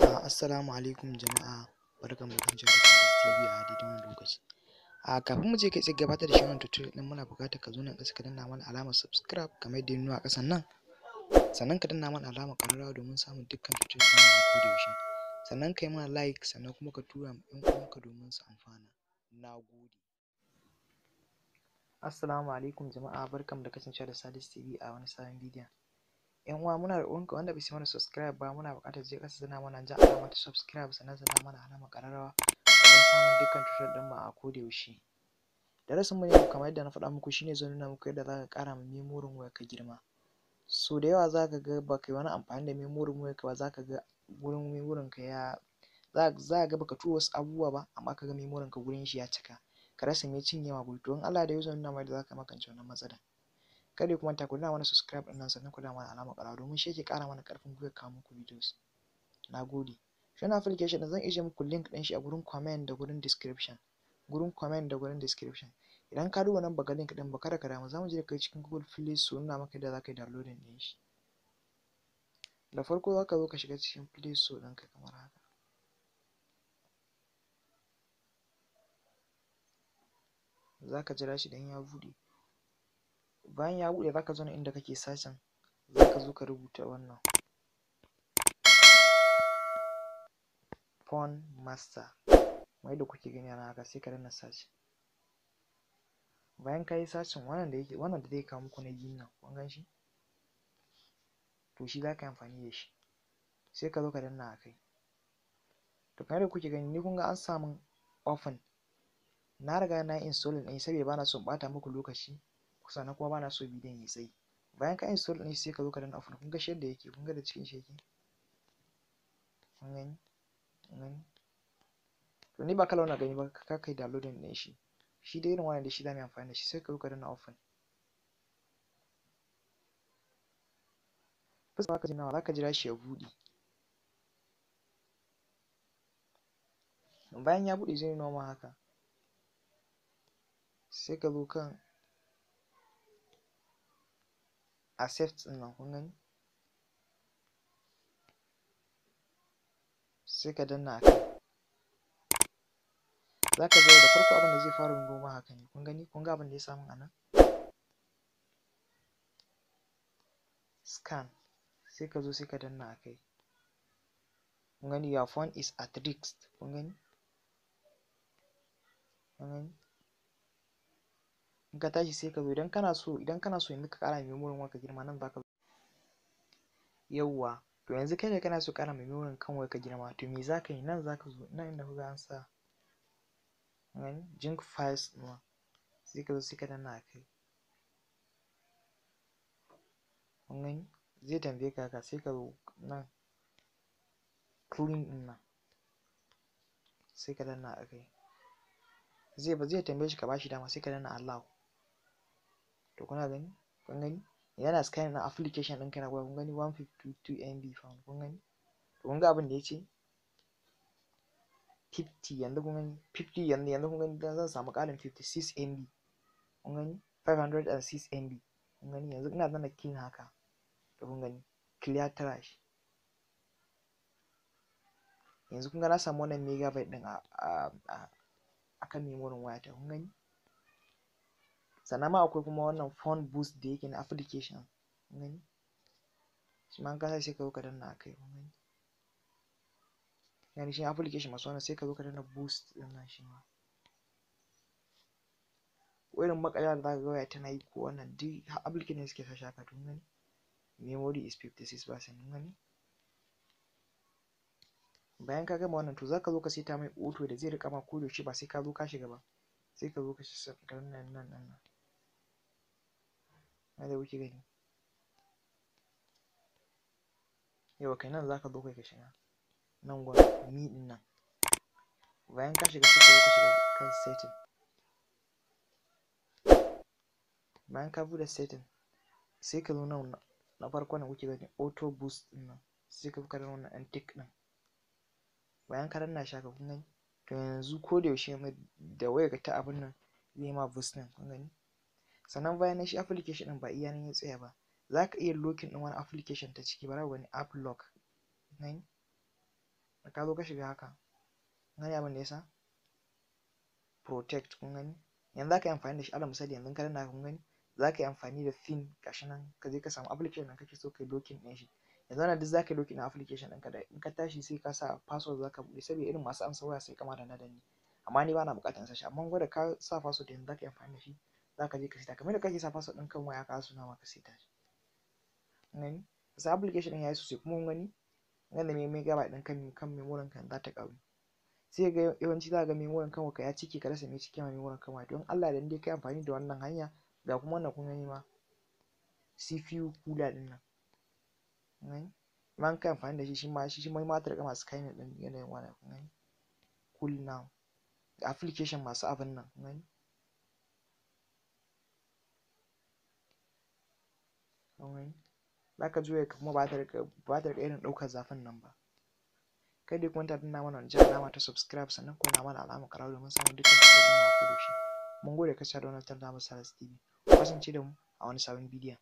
Ah, assalamu alaikum jama'a barkanmu da jin TV a daidai wannan lokaci. A ah, kafin mu je kai tsaye gabatar da shirin tutu din muna buƙatar ka zo nan ƙasa ka danna mana alamar subscribe kamar yadda nuna a ƙasan nan. Sannan ka danna mana alamar ƙararrawa domin samun dukkan tutu din mu ko da yaushe. Sannan kai mana like sannan kuma ka tura ma ƴan uwanka domin su amfana. Na gode. Assalamu alaikum jama'a barkanmu da kasancewa da Salisu TV a wani sabon bidiyon. yan uwa muna roƙon ka wanda bai mana subscribe ba muna buƙatar je ƙasa zana mana ja alama ta subscribe sannan zana mana alama ƙararrawa domin samun dukkan tutar ɗin ma a koda yaushe darasin mu ne kamar yadda na faɗa muku shine zan nuna muku yadda zaka ƙara ma memorin wayar ka girma so da yawa zaka ga ba kai wani amfani da memorin wayar ka ba zaka ga gurin memorin ka ya za ga baka tura wasu abubuwa ba amma ka ga memorin ka gurin shi ya cika ka rasa me cinye ma to in Allah da ya zo nuna ma yadda zaka magance wannan matsalar kada ku manta ku danna mana subscribe ɗin nan sannan ku danna mana alamar ƙara domin shi yake ƙara mana ƙarfin gwiwa kawo muku videos na gode shi wannan application ɗin zan ije muku link ɗin shi a gurin comment da gurin description gurin comment da gurin description idan ka duba nan baka link ɗin ba kada ka damu zamu je da kai cikin Google Play Store nuna maka yadda zaka yi downloading ɗin shi da farko zaka zo ka shiga cikin Play Store ka kamar haka zaka jira shi dan ya buɗe bayan ya buɗe zaka zo na inda kake sashen zaka zo ka rubuta wannan phone master mai da kuke gani na haka sai ka danna search bayan kayi sashin wannan da yake wannan da zai kawo muku na biyun nan kun gan shi to shi zaka yi amfani da shi sai ka zo ka danna a kai to kamar yadda kuke gani ni kun ga an samu min open na riga na yi installing ɗin shi saboda bana son ɓata muku lokaci na kuma bana so bidiyon ya tsayi bayan ka install ɗin sai ka zo ka danna open kun ga shi yadda yake kun ga da cikin shi yake kun gani kun gani to ni ba kala wannan gani ba ka kai downloading ɗin shi shi dai irin wannan da shi zamu amfani da shi sai ka zo ka danna open ba ka ji za ka jira shi ya buɗe bayan ya buɗe zai noma haka sai ka zo kan accept ɗin nan kun gani sai ka danna a kai za ka ga da farko abin da zai fara gungo ma haka ne kun gani kun ga abin da ya samu a nan scan sai ka zo sai ka danna a kai kun gani your phone is at risk kun gani kun gani in ka tashi sai ka zo idan kana so idan kana so yanzu ka ƙara memorin wanka girma nan zaka yawwa to yanzu kai da kana so ƙara memorin kan ka girma to me zaka yi nan zaka zo nan inda kuka an sa jink files ma sai ka zo sai ka danna kai kun gani zai tambaye ka haka sai ka zo nan clean din nan sai ka danna a kai zai ba zai tambaye shi ka bashi dama sai ka danna allow to kuna gani kun gani yana scan na application ɗinka kana gwai kun gani 152 MB fa kun gani to kun ga abin da ya ce 50 yanzu kun gani 50 yanzu yanzu kun gani dan zan samu ƙarin 56 MB kun gani 506 MB kun gani yanzu ina zana kin haka to kun gani clear trash yanzu kun ga na samu wannan megabyte ɗin a a a kan memorin wayata kun gani sannan ma akwai kuma wannan phone boost da yake na application gani shi ma kasa sai ka zo ka danna a kai gani yani shi application masu wannan sai ka zo ka danna boost din nan shi ma irin makala da zaka ga waya tana yi ko wannan duk application suke sa shaka tun gani memory is 56% gani bayan ka gama wannan to zaka zo ka saita mai auto da zai rika ma yaushe ba sai ka zo ka shiga ba sai ka zo ka danna nan nan nan ai da wuce gari yawa kai nan zaka zo kai ka shiga nan gwa mi din nan bayan ka shiga sai ka shiga kan setting bayan ka bude setting sai ka zo nan na farko na wuce gani auto boost din nan sai ka fukar wannan an tick din bayan ka danna shi haka kun gani to yanzu ko da yaushe da wayarka ta abin nan zai ma boost din kun gani sannan bayan na shi application ɗin ba iya nan ya tsaya ba za ka iya lokin ɗin wani application ta ciki ba za ka gani app lock nan da ka zo ka shiga haka gani abin da ya sa protect kun gani yanzu za ka yi amfani da shi alal misali yanzu ka danna kun gani za ka yi amfani da thin gashi nan ka je ka samu application da kake so ka yi lokin ɗin shi yanzu wannan duk za ka yi lokin ɗin application ɗinka da in ka tashi sai ka sa password za ka buɗe saboda irin masu amsa waya sai kama da na amma ni ba na buƙatar sa shi amma gwada ka sa password yanzu za ka yi amfani da shi za ka je ka sita kamar da kake sa password ɗin kan waya ka suna ma ka sita shi nan sa application ya yi sosai kuma mun gani nan da mai gaba ɗin kan kan memorin kan za ta ƙaru sai ga yawanci za ga memorin kan ka ya cike ka rasa mai cike ma memorin kan don Allah da dai kai amfani da wannan hanya ga kuma wannan kun gani ma CPU kula ɗin nan nan man kai amfani da shi shi ma shi shi ma ta riƙa masu kayan ɗin yanayin wannan kun gani cool now application masu abin nan gani zaka ka juya kuma ba ta rika ba ta rika irin ɗaukar zafin nan ba Kai dai ku manta danna mana wancan alama ta subscribe sannan ku na mana alama karau domin samun dukkan sabbin mu da shi mun gode ka da wannan tantance masa TV kasance da mu a wani sabon bidiyon